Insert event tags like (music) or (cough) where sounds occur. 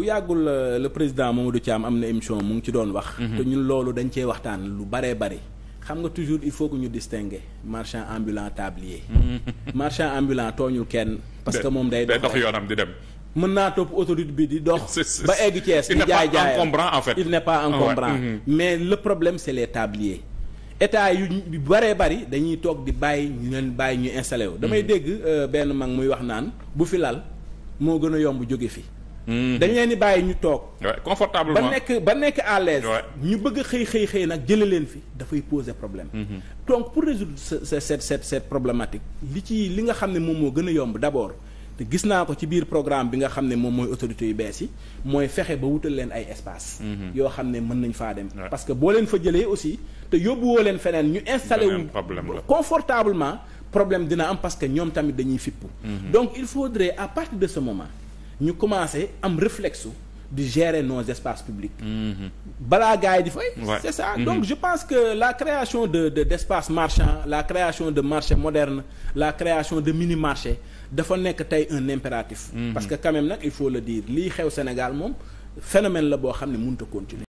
bu yàggul euh, le président Mamadou Thiam am na émission mu ngi ci doon wax. Mhm. te ñun loolu dañ cee waxtaan lu baree bari xam nga toujours il faut que ñu distinguer marchand ambulant tablier. Mhm. marchand ambulant tooñul kenn. parce que moom day dox yoonam di dem. mën naa topp autoroute bi di dox. (laughs) ba egg Thiès di jaay jaay il n'est pas encombrant mhm. mais le problème c'est les tabliers. état yu bëree bari dañuy toog di bàyyi ñu leen bàyyi ñu installé wu. damay dégg euh, benn mag muy wax naan bu fi lal moo gën a yomb jóge fi. Mm-hmm. dañ leen di bàyyi ñu toog. confortablement ba nekk ba nekk à l'aise ñu bëgg xëy xëy xëy nag jëlee leen fi dafay poser problème. Mm-hmm. donc pour résoudre cette cette cette cette problématique li ci li nga xam ne moom moo gën a yomb d'abord. te gis naa ko ci biir programme bi nga xam ne moom mooy autorités yu bees yi mooy fexe ba wutal leen ay espace mm-hmm. yoo xam ne mën nañ faa dem parce que boo leen fa jëlee aussi te yóbbuwoo leen feneen ñu installé wu confortablement problème dina am parce que ñoom tamit dañuy fippu donc il faudrait à partir de ce ñu commencé am réflexe di gérer nos espaces publics. Mm-hmm. balaa gars yi di fay. c'est ça mm-hmm. donc je pense que la création de de d'espace marchand la création de marché moderne la création de mini marché dafa nekk tey un impératif. Mm-hmm. parce que quand même nag il faut le dire lii xew Sénégal moom phénomène la boo xam ne munta a continuer.